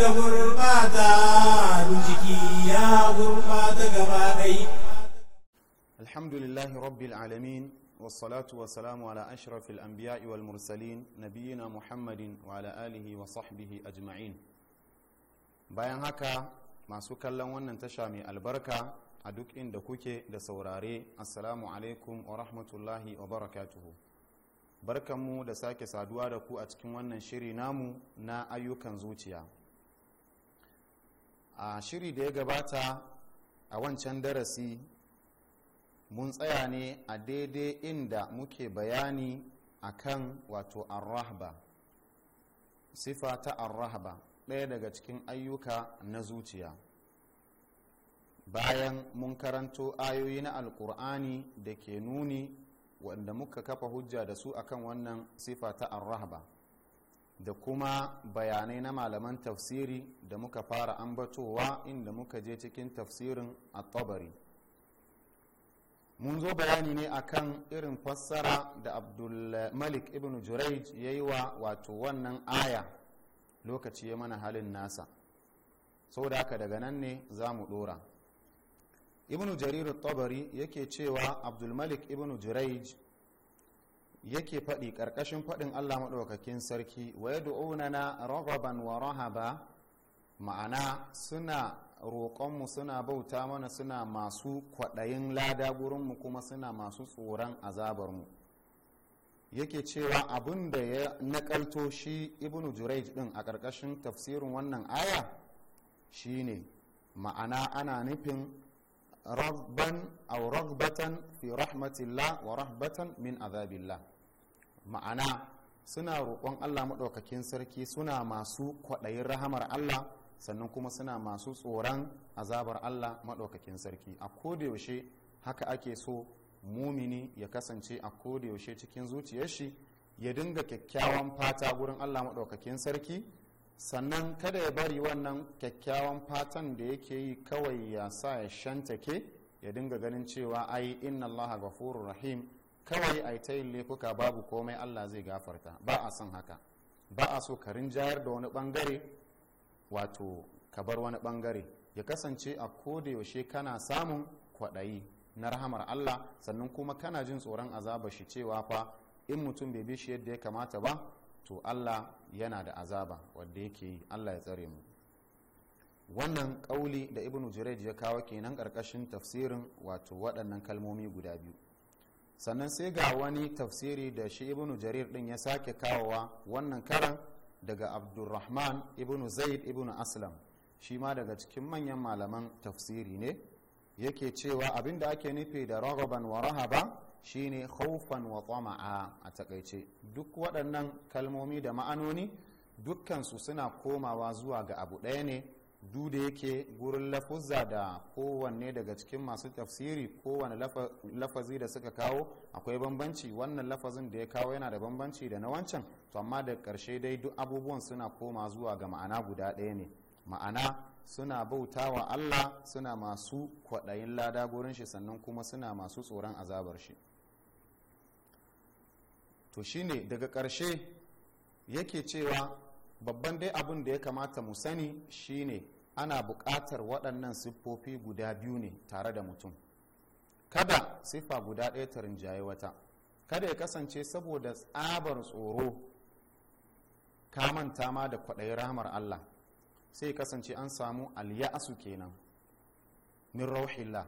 da gurbata jiki ya gurbata gaba ɗai alhamdulillahi rabbil alamin والصلاة والسلام على mursalin الأنبياء muhammadin نبينا محمد وعلى آله وصحبه أجمعين bayan haka masu kallon wannan tasha mai albarka a duk inda kuke da saurare assalamu alaikum wa rahmatullahi wa barakatuhu barkanmu da sake saduwa da ku a cikin wannan shiri namu na ayyukan zuciya a shiri da ya gabata a wancan darasi mun tsaya ne a daidai inda muke bayani akan wato arrahba sifa ta arrahba ɗaya daga cikin ayyuka na zuciya bayan mun karanto ayoyi na alkur'ani da ke nuni wanda muka kafa hujja da su akan wannan sifa ta arrahba da kuma bayanai na malaman tafsiri da muka fara ambatowa inda muka je cikin tafsirin at-tabari mun zo bayani ne akan irin fassara da Abdulmalik malik ibn juraij ya yi wa wato wannan aya lokaci ya mana halin nasa sau da aka daga nan ne za mu dora ibn jarir tabari yake cewa Abdulmalik malik ibn juraij yake faɗi ƙarƙashin faɗin Allah maɗaukakin sarki wa yad'una na ragaban wa rahaba ma'ana suna roƙonmu suna bauta mana suna masu kwaɗayin lada gurinmu kuma suna masu tsoron azabarmu yake cewa abin da ya naƙalto shi ibnu jurej ɗin a ƙarƙashin tafsirin wannan aya shine ma'ana ana nufin ragban fi ragbatan fi rahmatillah wa rahbatan min azabillah ma'ana suna roƙon allah maɗaukakin sarki suna masu kwaɗayin rahamar allah sannan kuma suna masu tsoron azabar allah maɗaukakin sarki a kodayaushe haka ake so mumini ya kasance a kodayaushe cikin zuciyar shi ya dinga kyakkyawan fata gurin allah maɗaukakin sarki sannan kada ya bari wannan kyakkyawan fatan da yake yi kawai ya sa ya shantake ya dinga ganin cewa ai inna allaha gafurur rahim kawai a ta yin laifuka babu komai allah zai gafarta ba a son haka ba a so ka rinjayar da wani bangare wato ka bar wani bangare ya kasance a koda yaushe kana samun kwaɗayi na rahamar allah sannan kuma kana jin tsoron azaba shi cewa fa in mutum bai bi shi yadda ya kamata ba to allah yana da azaba wadda yake yi allah ya tsare mu wannan kauli da ibnu jurej ya kawo kenan karkashin tafsirin wato waɗannan kalmomi guda biyu sannan sai ga wani tafsiri da shi ibnu jarir din ya sake kawowa wannan karan daga abdulrahman ibnu zaid ibnu aslam shi ma daga cikin manyan malaman tafsiri ne yake cewa abin da ake nufi da ragaban wa rahaba shine khaufan wa tsama'a a takaice duk waɗannan kalmomi da ma'anoni dukkansu suna komawa zuwa ga abu ɗaya ne duk da yake gurin lafuzza da kowanne daga cikin masu tafsiri kowane lafazi da suka kawo akwai bambanci wannan lafazin da ya kawo yana da bambanci da na wancan to amma da ƙarshe dai duk abubuwan suna koma zuwa ga ma'ana guda ɗaya ne ma'ana suna bauta wa allah suna masu kwaɗayin lada gurin shi sannan kuma suna masu tsoron azabar shi to shine daga ƙarshe yake cewa babban dai abin da ya kamata mu sani shine ana buƙatar waɗannan siffofi guda biyu ne tare da mutum kada siffa guda ɗaya ta rinjaye wata kada ya kasance saboda tsabar tsoro ka manta ma da kwaɗayi rahamar allah sai kasance an samu alya'asu kenan min rauhillah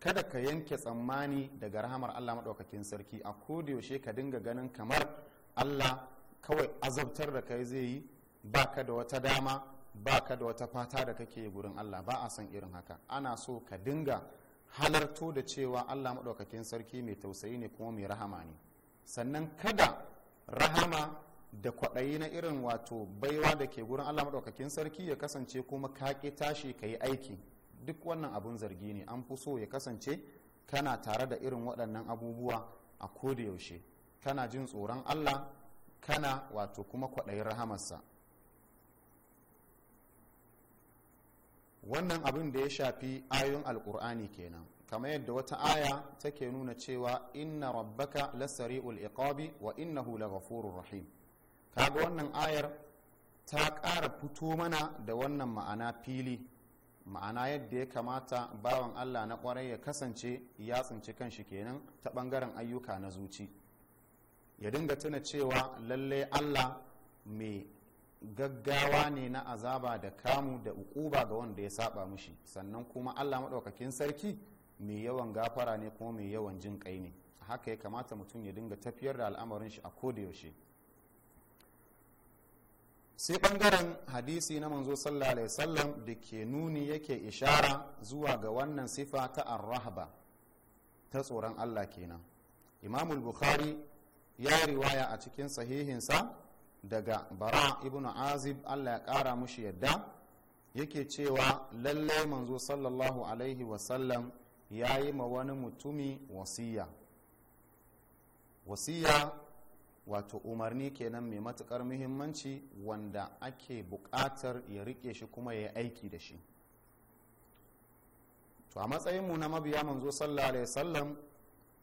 kada ka yanke tsammani daga rahamar allah maɗaukakin sarki a yaushe ka dinga ganin kamar allah kawai azabtar da kai zai yi baka da wata dama baka da wata fata da kake gurin Allah ba a son irin haka ana so ka dinga halarto da cewa Allah maɗaukakin sarki mai tausayi ne kuma mai rahama ne sannan kada rahama da kwaɗayi na irin wato baiwa da ke gurin Allah maɗaukakin sarki ya kasance kuma ka ƙi tashi ka yi aiki duk wannan abun zargi ne an fi so ya kasance kana tare da irin waɗannan abubuwa a koda yaushe kana jin tsoron Allah kana wato kuma kwaɗayin rahamarsa wannan abin da ya shafi ayoyin alkur'ani kenan kamar yadda wata aya take nuna cewa inna rabbaka lasari'ul iqabi wa innahu laghafurur rahim kaga wannan ayar ta ƙara fito mana da wannan ma'ana fili ma'ana yadda ya kamata bawan allah na kwarai ya kasance ya tsinci kanshi kenan ta ɓangaren ayyuka na zuci ya dinga tuna cewa lalle allah mai gaggawa ne na azaba da kamu da ukuba ga wanda ya saba mushi sannan kuma allah maɗaukakin sarki mai yawan gafara ne kuma mai yawan jin kai ne haka ya kamata mutum ya dinga tafiyar da al'amarin shi a yaushe sai ɓangaren hadisi na manzo sallallahu alaihi wasallam da ke nuni yake ishara zuwa ga wannan sifa ta arrahaba ta tsoron allah kenan imamul bukhari ya riwaya a cikin sahihinsa daga bara ibn azib allah ya kara mushi yadda yake cewa lallai manzo sallallahu alaihi wasallam ya yi ma wani mutumi wasiya wasiya wato umarni kenan mai matukar muhimmanci wanda ake buƙatar ya rike shi kuma ya aiki da shi to a matsayinmu na mabiya manzo sallallahu alaihi wasallam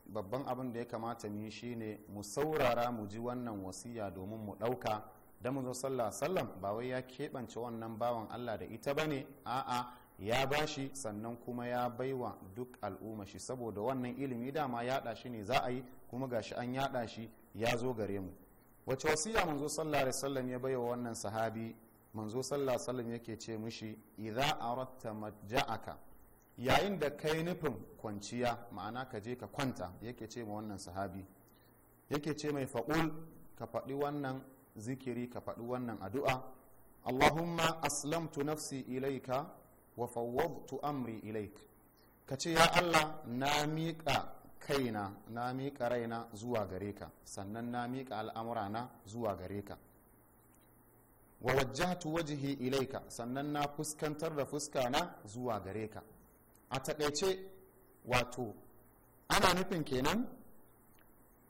babban abin da ya kamata mu yi shine mu saurara mu ji wannan wasiya domin mu ɗauka da mu sallah sallam ba wai ya keɓance wannan bawan allah da ita ba ne a'a ya ba shi sannan kuma ya baiwa duk al'umma shi saboda wannan ilimi dama yaɗa shi ne za a yi kuma gashi an yaɗa shi ya zo gare mu wace wasiya manzo sallah da sallam ya baiwa wannan sahabi manzo sallallahu sallam yake ce mishi idza aratta maja'aka yayin da kai nufin kwanciya ma'ana ka je ka kwanta yake ce ma wannan sahabi yake ce mai faƙul ka faɗi wannan zikiri ka faɗi wannan addu'a allahumma aslamtu nafsi ilaika wa fawwadtu amri ilaik ka ce ya allah na miƙa kaina na miƙa raina zuwa gare ka sannan na miƙa al'amurana zuwa gare ka wa wajjahtu wajhi ilaika sannan na fuskantar da fuskana zuwa gare ka a takaice wato ana nufin kenan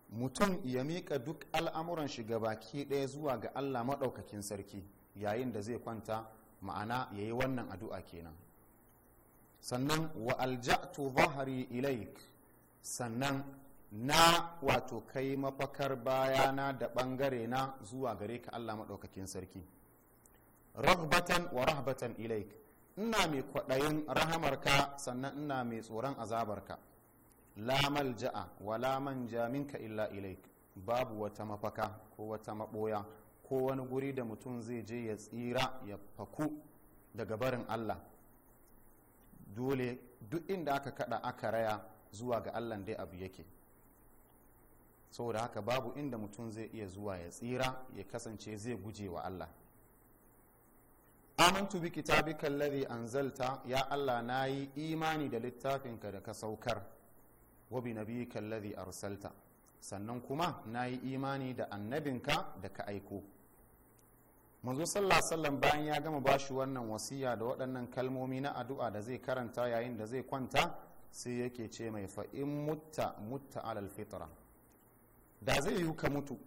mutum ya miƙa duk al'amuran shiga baki ɗaya zuwa ga allah maɗaukakin sarki yayin da zai kwanta ma'ana ya yi wannan addu'a kenan sannan wa alja'tu zahari ilaik sannan na wato kai mafakar bayana da ɓangare na zuwa gare ka allah maɗaukakin sarki rahbatan wa rahbatan ilaik ina mai kwaɗayin rahamarka sannan ina mai tsoron azabarka lamal ja'a wa la manja ka illa ilai babu wata mafaka ko wata maɓoya ko wani guri da mutum zai je ya tsira ya faku daga barin Allah dole duk inda aka kada aka raya zuwa ga Allah dai abu yake saboda haka babu inda mutum zai iya zuwa ya tsira ya kasance zai guje wa Allah amantu bi kitabika anzalta ya Allah na yi imani da littafinka da ka saukar wa bi nabiyyika alladhi arsalta sannan kuma na yi imani da annabinka da ka aiko manzo sallallahu alaihi bayan ya gama bashi wannan wasiya da waɗannan kalmomi na addu'a da zai karanta yayin da zai kwanta sai yake ce mai fa in mutta mutta alal fitra da zai yi ka mutu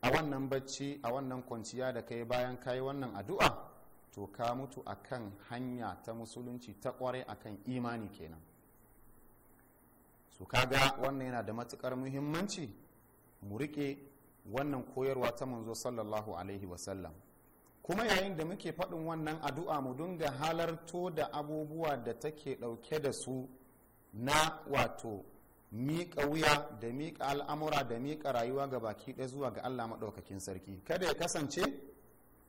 a wannan bacci a wannan kwanciya da kai bayan ka yi wannan addu'a to ka mutu a kan hanya ta musulunci ta kware akan imani kenan su kaga wannan yana da matukar muhimmanci mu rike wannan koyarwa ta manzo sallallahu alaihi wasallam kuma yayin da muke faɗin wannan addu'a mu dinga halarto da abubuwa da take ɗauke da su na wato miƙa wuya da miƙa al'amura da miƙa rayuwa ga baki ɗaya zuwa ga allah maɗaukakin sarki kada ya kasance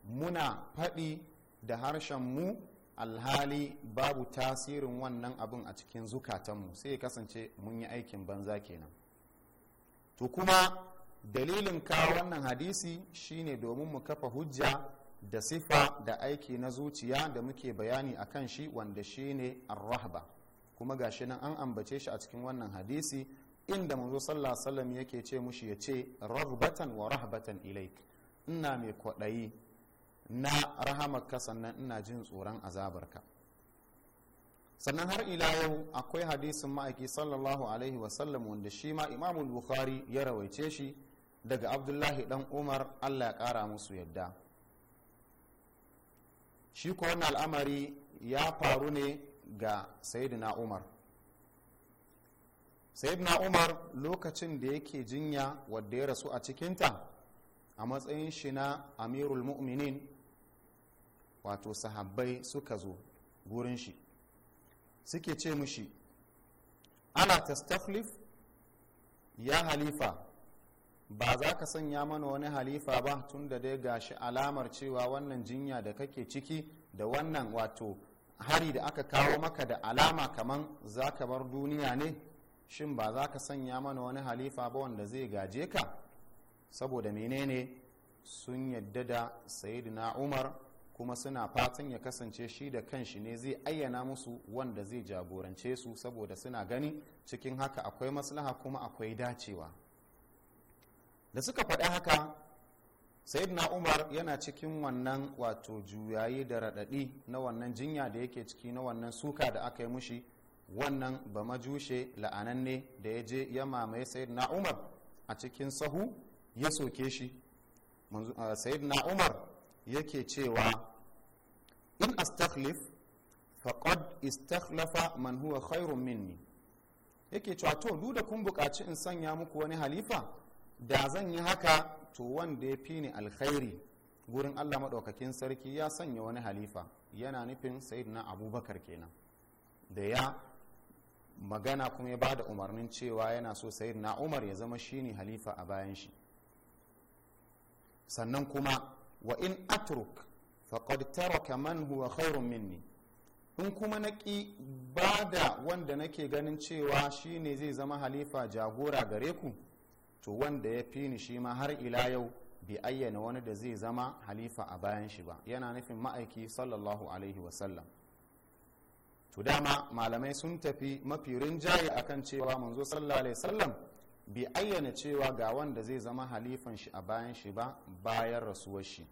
muna faɗi da harshen mu alhali babu tasirin wannan abin a cikin zukatanmu sai kasance mun yi aikin banza kenan to kuma dalilin kawo wannan hadisi shine domin mu kafa hujja da sifa da aiki na zuciya da muke bayani a kan shi wanda shi ne rahba kuma ga shi nan an ambace shi a cikin wannan hadisi inda manzo sallallahu alaihi wasallam yake ce mushi ya ce rahbatan wa rahbatan ilaik ina mai kwaɗayi na rahamarka sannan ina jin tsoron azabarka sannan har ila yau akwai hadisin ma'aiki sallallahu alaihi wasallam wanda shi ma imamul bukhari ya rawaice shi daga abdullahi dan umar allah ya kara musu yadda shi ko wannan al'amari ya faru ne ga sayyidina umar sayyidina umar lokacin da yake jinya wadda ya rasu a cikinta a matsayin shi na amirul mu'minin wato sahabbai suka zo gurin shi suke ce mushi ana ta tastaflif ya halifa ba za ka sanya mana wani halifa ba tun da dai shi alamar cewa wannan jinya da kake ciki da wannan wato hari da aka kawo maka da alama kaman za ka bar duniya ne shin ba za ka sanya mana wani halifa ba wanda zai gaje ka saboda menene sun yadda da sayidina umar kuma suna fatan ya kasance shi da kanshi ne zai ayyana musu wanda zai jagorance su saboda suna gani cikin haka akwai maslaha kuma akwai dacewa da suka faɗi haka sayyidina umar yana cikin wannan wato juyayi da raɗaɗi na wannan jinya da yake ciki na wannan suka da aka yi mushi wannan ba majushe la'ananne da ya je ya mamaye sayyidina umar a cikin sahu ya soke shi eh, sayyidina umar yake cewa in astakhlif faqad istakhlafa man huwa khairun minni yake cewa to duk da kun buƙaci in sanya muku wani halifa da zan yi haka to wanda ya fi ni alkhairi gurin Allah maɗaukakin sarki ya sanya wani halifa yana nufin sayyidina abubakar kenan da ya magana kuma ya bada umarnin cewa yana so sayyidina umar ya zama shine halifa a bayan shi sannan kuma wa in atruk faqad taraka man huwa khairun minni in kuma na ƙi ba wanda nake ganin cewa shi ne zai zama halifa jagora gare ku to wanda ya fi ni shi ma har ila yau bai ayyana wani da zai zama halifa a bayan shi ba yana nufin ma'aiki sallallahu alaihi wasallam to dama malamai sun tafi mafi rinjaye akan cewa manzo sallallahu alaihi wasallam bai ayyana cewa ga wanda zai zama halifan shi a bayan shi ba bayan rasuwar shi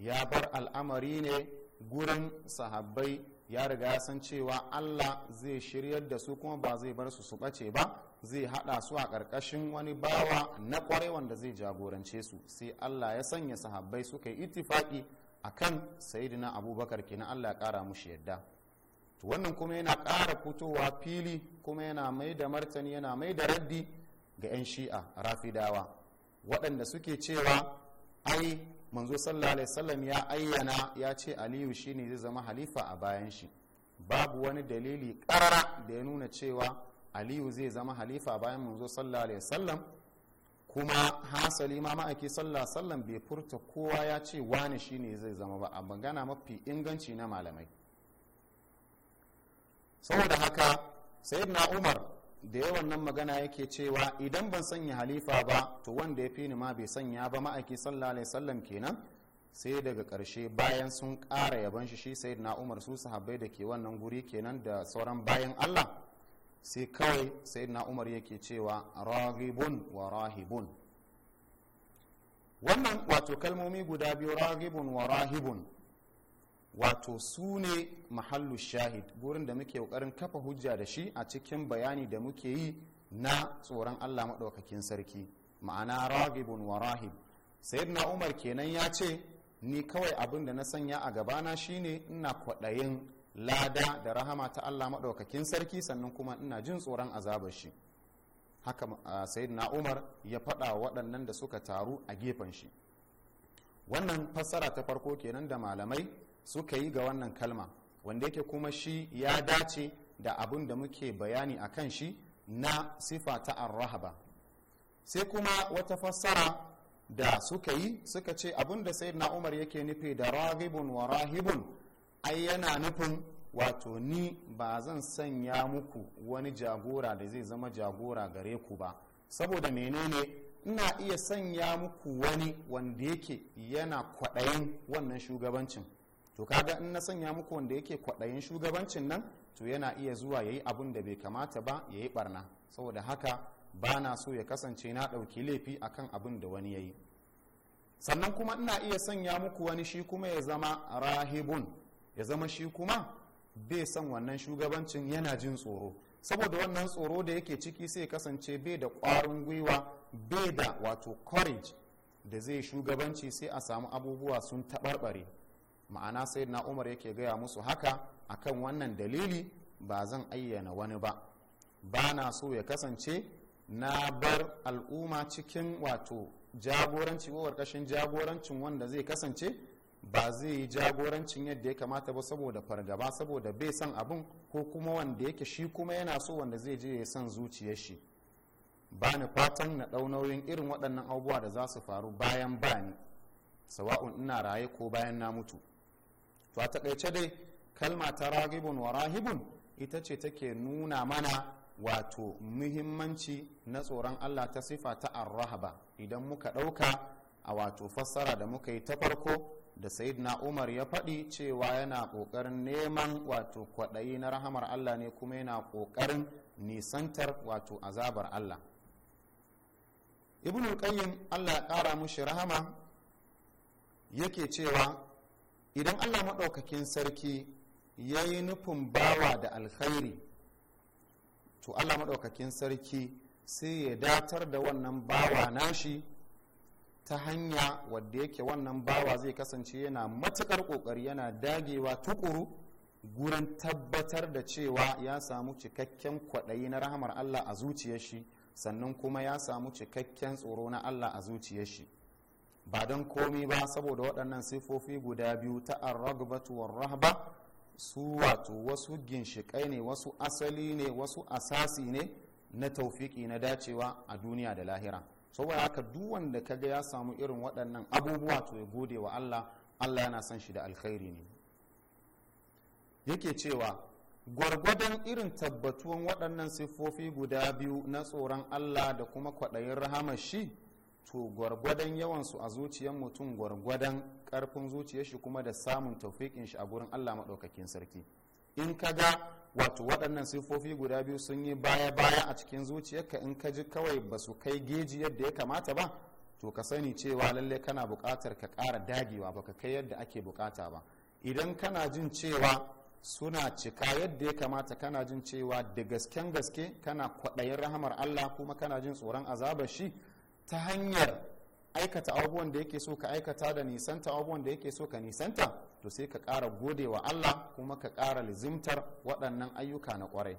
ya bar al'amari ne gurin sahabbai ya riga ya san cewa allah zai shiryar da su kuma ba zai bar su su ɓace ba zai haɗa su a ƙarƙashin wani bawa na ƙwarai wanda zai jagorance su sai allah ya sanya sahabbai suka yi ittifaƙi kan sayidina abubakar kina allah ya ƙara mushi yadda wannan kuma yana ƙara fitowa fili kuma yana mai da martani yana mai da raddi ga 'yan shi'a rafidawa waɗanda suke cewa ai manzo sallallahu alaihi wasallam ya ayyana ya ce aliyu shine zai zama halifa a bayan shi babu wani dalili ƙara da ya nuna cewa aliyu zai zama halifa bayan manzo sallallahu alaihi wasallam kuma hasali ma ma'aiki sallallahu alaihi bai furta kowa ya ce wani shine zai zama ba a magana mafi inganci na malamai saboda haka na umar da yawan nan magana yake cewa idan ban sanya halifa ba to wanda ya fi ni ma bai sanya ba ma'aiki sallallahu alaihi kenan sai daga karshe bayan sun ƙara yaban shi shi sayyidina umar su sahabbai da ke wannan guri kenan da sauran bayan allah sai kawai sayyidina umar yake cewa ragibun wa rahibun wannan wato kalmomi guda biyu ragibun wa rahibun wato su ne mahallu shahid gurin da muke kokarin kafa hujja da shi a cikin bayani da muke yi na tsoron allah maɗaukakin sarki ma'ana ragibun wa rahib sayyidina umar kenan ya ce ni kawai abin da na sanya a gabana shine ina kwaɗayin lada da rahama ta allah maɗaukakin sarki sannan kuma ina jin tsoron azabar shi haka sayyidina umar ya faɗa waɗannan da suka taru a gefen shi wannan fassara ta farko kenan da malamai suka yi ga wannan kalma wanda yake kuma shi ya dace da abin da muke bayani a kan shi na sifa ta arrahaba sai kuma wata fassara da suka yi suka ce abin da na umar yake nufi da rahibun wa rahibun ai yana nufin wato ni ba zan sanya muku wani jagora da zai zama jagora gare ku ba saboda menene ina iya sanya muku wani wanda yake yana kwaɗayin wannan shugabancin to kaga in na sanya muku wanda yake kwaɗayin shugabancin nan to yana iya zuwa ya yi abun da bai kamata ba ya yi barna saboda haka ba na so ya kasance na ɗauki laifi akan abin da wani ya yi sannan kuma ina iya sanya muku wani shi kuma ya zama rahibun ya zama shi kuma bai son wannan shugabancin yana jin tsoro saboda wannan tsoro da yake ciki sai kasance bai da ƙwarin gwiwa bai da wato courage da zai shugabanci sai a samu abubuwa sun taɓarɓare ma'ana sai na umar yake gaya musu haka akan wannan dalili ba zan ayyana wani ba ba na so ya kasance na bar al'umma cikin wato jagoranci ko ƙarƙashin jagorancin wanda zai kasance ba zai yi jagorancin yadda ya kamata ba saboda fargaba saboda bai son abin ko kuma wanda yake shi kuma yana so wanda zai je ya son zuciyar shi ba ni fatan na ɗau nauyin irin waɗannan abubuwa da za su faru bayan bani sawa'un ina raye ko bayan na mutu to a taƙaice dai kalma ta ragibun wa rahibun ita ce take nuna mana wato muhimmanci na tsoron allah ta sifa ta arrahaba idan muka ɗauka a wato fassara da muka yi ta farko da na umar ya faɗi cewa yana ƙoƙarin neman wato kwaɗayi na rahamar allah ne kuma yana ƙoƙarin nisantar wato azabar allah ibn qayyim allah ya ƙara mushi rahama yake cewa idan allah maɗaukakin sarki ya yi nufin bawa da alkhairi to allah maɗaukakin sarki sai ya datar da wannan bawa nashi ta hanya wadda yake wannan bawa zai kasance yana matuƙar ƙoƙari yana dagewa tuƙuru, gurin tabbatar da cewa ya samu cikakken kwaɗayi na rahamar allah a zuciyar shi sannan kuma ya samu cikakken tsoro na allah a zuciyar shi ba don komi ba saboda waɗannan sifofi guda biyu ta arragbatu wa rahba su wato wasu ginshiƙai ne wasu asali ne wasu asasi ne na taufiki na dacewa a duniya da lahira saboda haka duk wanda kaga ya samu irin waɗannan abubuwa to ya gode wa Allah Allah yana son shi da alkhairi ne yake cewa gwargwadon irin tabbatuwan waɗannan sifofi guda biyu na tsoron Allah da kuma kwaɗayin rahamar shi to gwargwadon yawansu a zuciyar mutum gwargwadon karfin zuciyar shi kuma da samun taufiƙin shi a gurin allah maɗaukakin sarki in ka ga wato waɗannan sifofi guda biyu sun yi baya baya a cikin zuciyarka in ka ji kawai ba su kai geji yadda ya kamata ba to ka sani cewa lalle kana buƙatar ka ƙara dagewa baka kai yadda ake buƙata ba idan kana jin cewa suna cika yadda ya kamata kana jin cewa da gasken gaske kana kwaɗayin rahamar allah kuma kana jin tsoron azabar shi ta hanyar aikata abubuwan da yake so ka aikata da nisanta abubuwan da yake so ka nisanta to sai ka ƙara gode wa Allah kuma ka ƙara lizimtar waɗannan ayyuka na ƙwarai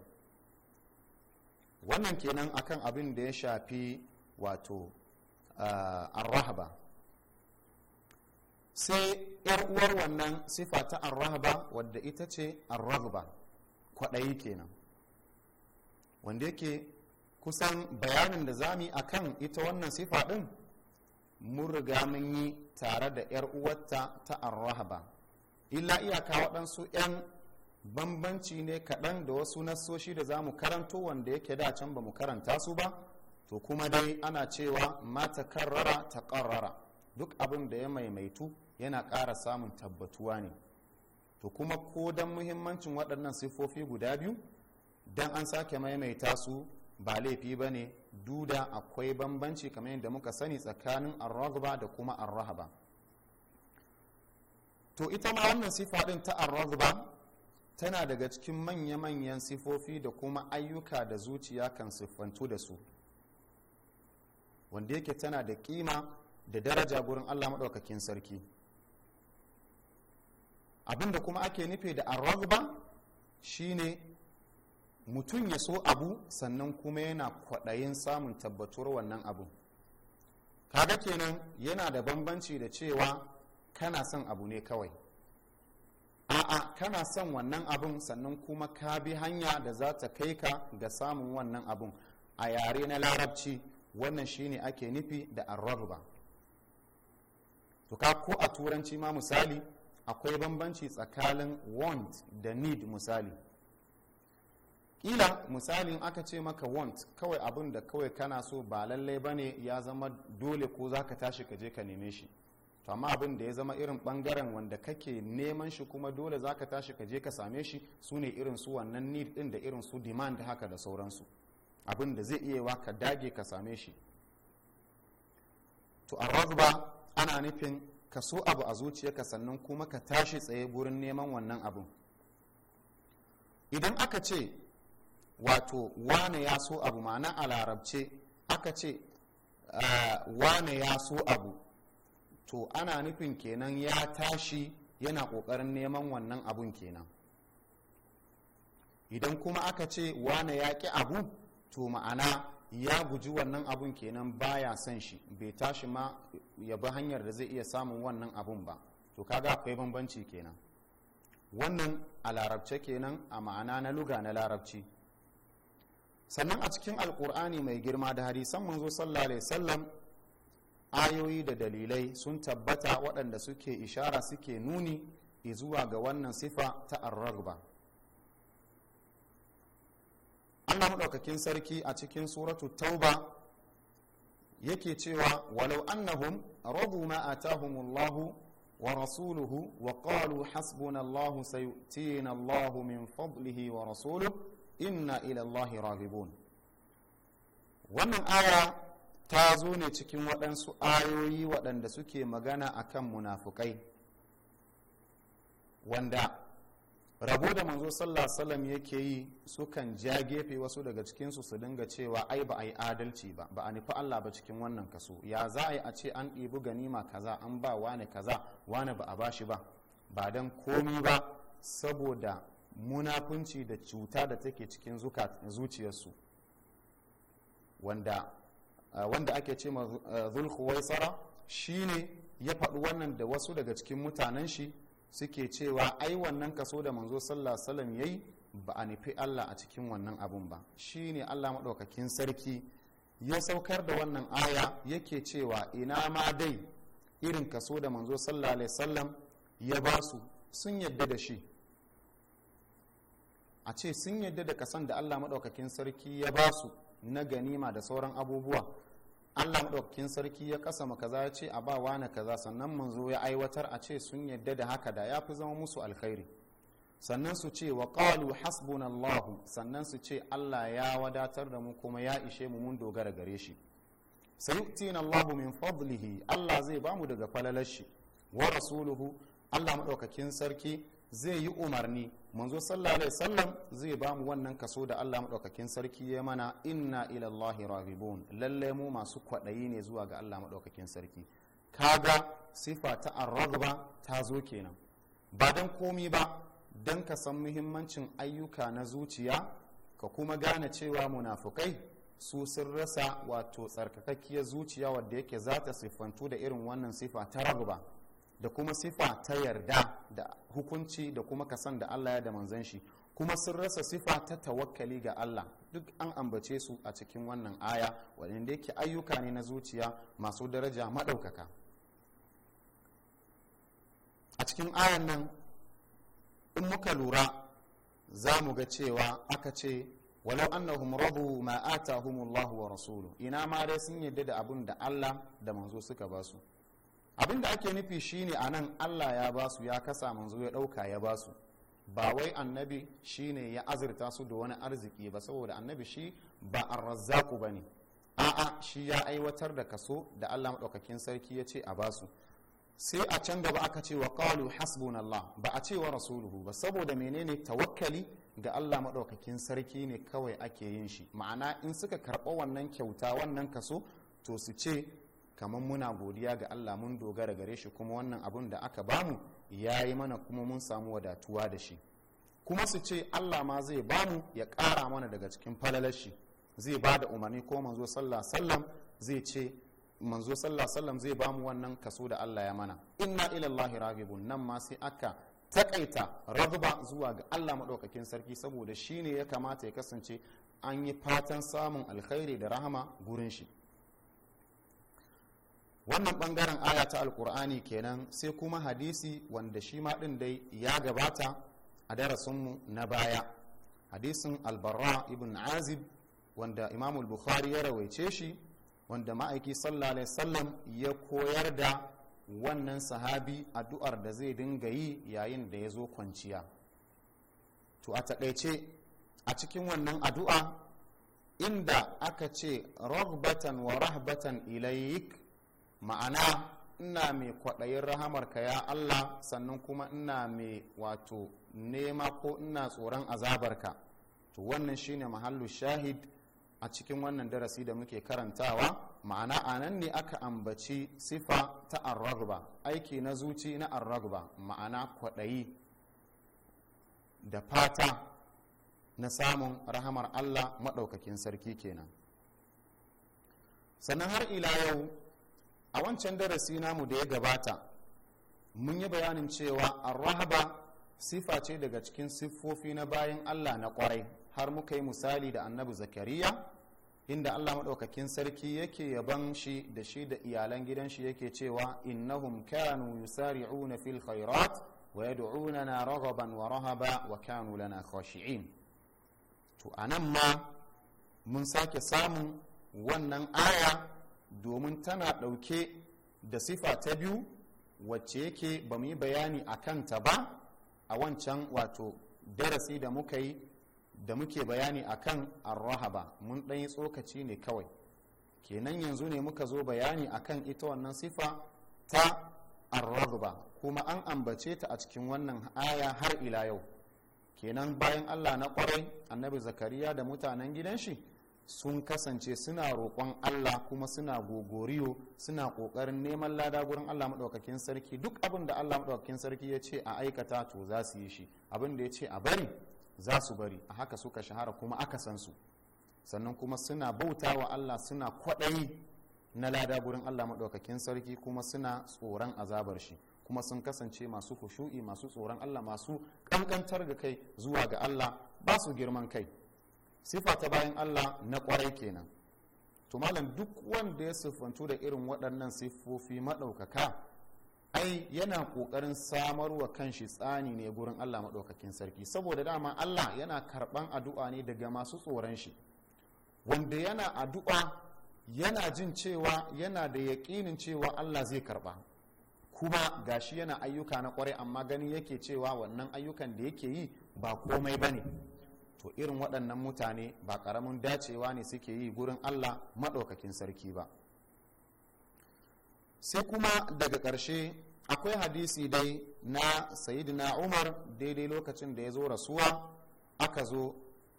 wannan kenan akan abin da ya shafi wato ah, arrahaba sai yar uwar wannan sifa ta arrahaba wadda ita ce arrahba kwaɗayi kenan wanda yake kusan bayanin da za mu akan ita wannan sifa ɗin mun riga mun yi tare da 'yar uwarta ta arrahaba illa iyaka waɗansu 'yan bambanci ne kaɗan da wasu nasoshi da za mu karanto wanda yake da can ba mu karanta su ba to kuma dai ana cewa mata karrara ta karrara duk abin da ya maimaitu yana ƙara samun tabbatuwa ne to kuma ko don muhimmancin waɗannan siffofi guda biyu don an sake maimaita su ba laifi ba ne duda akwai bambanci kamar yadda muka sani tsakanin arragba da kuma arrahaba to ita ma wannan sifa ɗin ta arragba tana daga cikin manya-manyan sifofi da kuma ayyuka da zuciya kan siffantu da su wanda yake tana da kima da daraja gurin allah maɗaukakin sarki abinda kuma ake nufi da arragba shine mutum ya so abu sannan kuma yana kwaɗayin samun tabbatuwar wannan abu kaga kenan yana da bambanci da cewa kana son abu ne kawai a'a kana son wannan abun sannan kuma ka bi hanya da za ta kai ka ga samun wannan abun a yare na larabci wannan shine ake nufi da arraruba to ka ko a turanci ma misali akwai bambanci tsakanin want da need misali kila misalin aka ce maka want kawai abin da kawai kana so ba lallai ba ne ya zama dole ko za ka tashi ka je ka neme shi to amma abin da ya zama irin bangaren wanda kake neman shi kuma dole za ka tashi ka je ka same shi su ne irin su wannan need din da irin su demand haka da sauransu abin da zai iya ka dage ka same shi to a ba ana nufin ka so abu a zuciyarka sannan kuma ka tashi tsaye gurin neman wannan abin idan aka ce wato wane ya so abu ma'ana a larabce aka ce ah, wane ya so abu to ana nufin kenan ya tashi yana ƙoƙarin neman wannan abun kenan idan kuma aka ce wane ya ki abu to ma'ana ya guji wannan abun kenan baya son shi bai tashi ma ya bi hanyar da zai iya samun wannan abun ba to kaga akwai bambanci kenan wannan a larabce kenan a ma'ana na luga na larabci sannan a cikin alkur'ani mai girma da hadisan manzo sallallahu alaihi ayoyi da dalilai sun tabbata waɗanda suke ishara suke nuni izuwa ga wannan sifa ta arragba allah maɗaukakin sarki a cikin suratu tauba yake cewa walau annahum radu ma atahumullahu wa rasuluhu wa qalu hasbunallahu sayu'tina allahu min fadlihi wa rasuluhu inna ila Allahi wannan aya ta zo ne cikin waɗansu ayoyi waɗanda suke magana akan munafukai wanda rabo da manzo sallallahu wasallam yake yi sukan ja gefe wasu daga cikinsu su dinga cewa ai ba a yi adalci ba ba a nufi allah ba cikin wannan kaso ya za a yi a ce an ɗibi ganima kaza an ba wane kaza wane ba a bashi ba ba don komi ba saboda munafunci da cuta da take cikin zuciyarsu wanda ake ce ma zulkuwaisara shi ne ya faɗi wannan da wasu daga cikin mutanen shi suke cewa ai wannan kaso da manzo sallallahu alaihi yayi ba a nufi Allah a cikin wannan abun ba shi ne Allah maɗaukakin sarki ya saukar da wannan aya yake cewa ina ma dai irin kaso da manzo sallallahu alaihi wasallam ya ba su sun yadda da shi a ce sun yadda da kasan da allah maɗaukakin sarki ya ba su na ganima da sauran abubuwa allah maɗaukakin sarki ya kasa kaza ya ce a ba wani kaza sannan manzo ya aiwatar a ce sun yadda da haka da ya fi zama musu alkhairi sannan su ce wa ƙalu hasbunallahu sannan su ce allah ya wadatar da mu kuma ya ishe mu mun dogara gare shi sayu'tina allahu min fadlihi allah zai bamu daga falalar shi wa rasuluhu allah maɗaukakin sarki zai yi umarni manzo sallallahu alaihi wasallam zai bamu wannan kaso da Allah maɗaukakin sarki ya mana inna ila Allah lallai lalle mu masu kwadayi ne zuwa ga Allah madaukakin sarki kaga sifa ta arraba ta zo kenan ba dan komi ba dan ka san muhimmancin ayyuka na zuciya ka kuma gane cewa munafukai su sun rasa wato tsarkakakkiyar zuciya wadda yake za ta siffantu da irin wannan sifa ta ragba da kuma sifa ta yarda da hukunci da kuma kasan da Allah ya da manzan shi kuma sun rasa sifa ta tawakkali ga Allah duk an ambace su a cikin wannan aya wadanda yake ayyuka ne na zuciya masu daraja maɗaukaka a cikin ayan nan in muka lura za mu ga cewa aka ce walau annahum rabu ma'ata humullahu wa rasulu ina ma dai sun yadda da abun da Allah da manzo suka basu. abin da ake nufi shine a nan allah ya ba su ya kasa manzo ya ɗauka ya ba su ba wai annabi shine ya azurta su da wani arziki ba saboda annabi shi ba a razzaku ba ne a'a shi ya aiwatar da kaso da allah maɗaukakin sarki ya ce a ba su sai a can gaba aka ce wa qalu hasbunallah ba a ce wa rasuluhu ba saboda menene tawakkali ga allah maɗaukakin sarki ne kawai ake yin shi ma'ana in suka karɓa wannan kyauta wannan kaso to su ce kamar muna godiya ga allah mun dogara gare shi kuma wannan abun da aka bamu ya yi mana kuma mun samu wadatuwa da shi kuma su ce allah ma zai bamu ya kara mana daga cikin falalar shi zai ba da umarni ko manzo sallam zai ce manzo sallam zai bamu wannan kaso da allah ya mana inna ilallahi ragibun nan ma sai aka takaita ragba zuwa ga allah maɗaukakin sarki saboda shine ya kamata ya kasance an yi fatan samun alkhairi da rahama gurin shi wannan bangaren aya ta alkur'ani kenan sai kuma hadisi wanda shi ma din dai ya gabata a darasinmu na baya hadisin albarra ibn azib wanda imamu bukhari ya rawaice shi wanda ma'aiki sallallahu alaihi ya koyar da wannan sahabi addu'ar da zai dinga yi yayin da ya zo kwanciya to a taƙaice a cikin wannan addu'a inda aka ce rahbatan wa rahbatan ilayik ma'ana ina mai kwaɗayin rahamarka ya allah sannan kuma ina mai wato nema ko ina tsoron azabarka to wannan shine mahallu shahid a cikin wannan darasi da muke karantawa ma'ana a nan ne aka ambaci sifa ta arragba aiki na zuci na arragba ma'ana kwaɗayi da fata na samun rahamar allah maɗaukakin sarki kenan sannan har ila yau a wancan darasi namu da ya gabata mun yi bayanin cewa arrahaba sifa ce daga cikin siffofi na bayan allah na kwarai har muka yi misali da annabi zakariya inda allah maɗaukakin sarki yake yaban shi da shi da iyalan gidan shi yake cewa innahum kanu yusari'una fil khairat wa na raghaban wa rahaba wa kanu lana khashi'in to anan ma mun sake samun wannan aya domin tana ɗauke da sifa ta biyu wacce yake ba mu yi bayani a kanta ba a wancan wato darasi da muka yi da muke bayani a kan ba mun yi tsokaci ne kawai kenan yanzu ne muka zo bayani a kan ita wannan sifa ta ba kuma an ambace ta a cikin wannan aya har ila yau kenan bayan allah na kwarai annabi zakariya da mutanen gidan shi sun kasance suna roƙon Allah kuma suna gogoriyo suna ƙoƙarin neman lada gurin Allah maɗaukakin sarki duk abin da Allah maɗaukakin sarki ya ce a aikata to za su yi shi abin da ya ce a bari za su bari a haka suka shahara kuma aka san su sannan kuma suna bauta wa Allah suna kwaɗayi na lada gurin Allah maɗaukakin sarki kuma suna tsoron azabar shi kuma sun kasance masu kushu'i masu tsoron Allah masu ƙanƙantar ga kai zuwa ga Allah ba su girman kai sifa ta bayan allah na kwarai kenan to malam duk wanda ya siffantu da irin waɗannan siffofi maɗaukaka ai yana ƙoƙarin samarwa shi tsani ne gurin allah maɗaukakin sarki saboda dama allah yana karɓan addu'a ne daga masu tsoron shi wanda yana addu'a yana jin cewa yana da yaƙinin cewa allah zai karɓa kuma gashi yana ayyuka na kwarai amma ganin yake cewa wannan ayyukan da yake yi ba komai bane to irin waɗannan mutane ba ƙaramin dacewa ne suke yi gurin allah maɗaukakin sarki ba sai kuma daga ƙarshe akwai hadisi dai na na umar daidai lokacin da ya zo rasuwa aka zo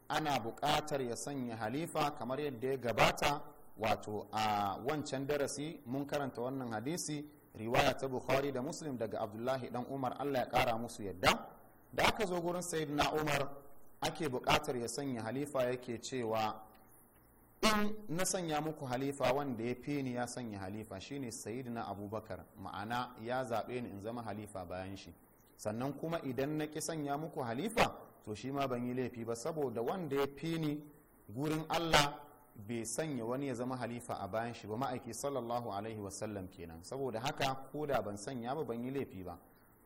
ana buƙatar ya sanya halifa kamar yadda ya gabata wato a wancan darasi mun karanta wannan hadisi riwaya ta bukhari da muslim daga abdullahi dan umar allah ya ƙara musu yadda da aka zo gurin sayidina umar ake buƙatar ya sanya halifa yake cewa in na sanya muku halifa wanda ya fi ni ya sanya halifa shine sayidina abubakar ma'ana ya zaɓe ni in zama halifa bayan shi sannan kuma idan na ki sanya muku halifa to shi ma ban yi laifi ba saboda wanda ya fi ni gurin allah bai sanya wani ya zama halifa a bayan shi ba ma'aiki sallallahu alaihi wasallam kenan saboda haka ko da ban sanya ba ban yi laifi ba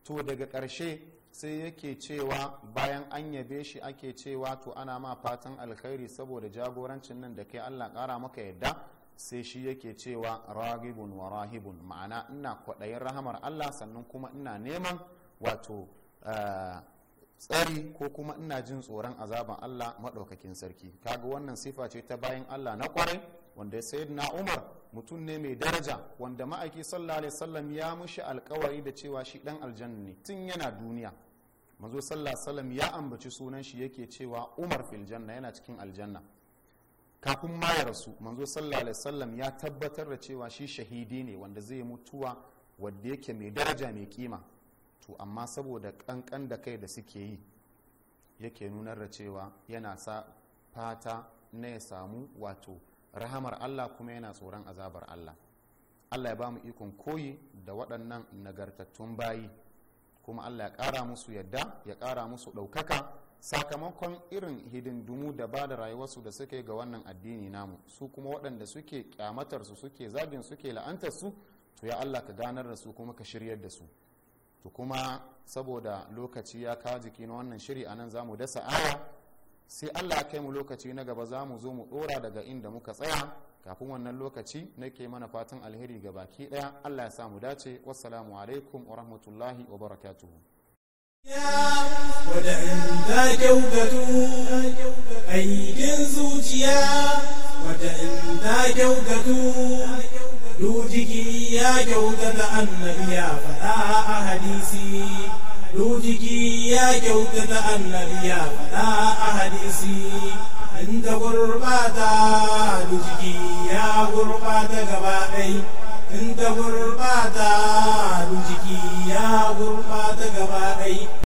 to daga ƙarshe sai yake cewa bayan an yabe shi ake cewa to ana ma fatan alkhairi saboda jagorancin nan da kai allah kara maka yadda sai shi yake cewa ragibun wa rahibun ma'ana ina kwaɗayin rahamar allah sannan kuma ina neman wato eh, tsari ko kuma ina jin tsoron azaban allah maɗaukakin sarki kaga wannan sifa ce ta bayan allah na kwarai wanda na umar mutum ne mai daraja wanda ma'aiki sallallahu alaihi wasallam ya mushi alkawari da cewa shi dan aljanna ne tun yana duniya manzo sallallahu alaihi wasallam ya ambaci sunan shi yake cewa umar fil janna yana cikin aljanna kafin ma ya rasu manzo sallallahu alaihi wasallam ya tabbatar da cewa shi shahidi ne wanda zai mutuwa wanda yake mai daraja mai kima to amma saboda kankan da kai da suke yi yake nunar da cewa yana sa fata na ya samu wato rahamar Allah kuma yana tsoron azabar Allah Allah ya ba mu ikon koyi da waɗannan nagartattun bayi kuma Allah ya ƙara musu yadda ya ƙara musu ɗaukaka sakamakon irin hidindumu da ba da rayuwarsu da suke ga wannan addini namu su kuma waɗanda suke kyamatarsu suke zagin suke la'antarsu to ya Allah ka ganar da su kuma ka shiryar da su to kuma saboda lokaci ya kawo jiki na wannan shiri anan za mu dasa aya sai allah ya kai mu lokaci na gaba za mu zo mu dora daga inda muka tsaya kafin wannan lokaci nake mana fatan alheri ga baki daya allah ya samu dace wassalamu alaikum wa rahmatullahi wa barakatuhu ya kyautata annabi faɗa a hadisi lujiki ya kyautata annabi ya faɗa a hadisi in ta gurbata lujiki ya gurbata gaba ɗai in ta gurbata lujiki ya gurbata gaba ɗai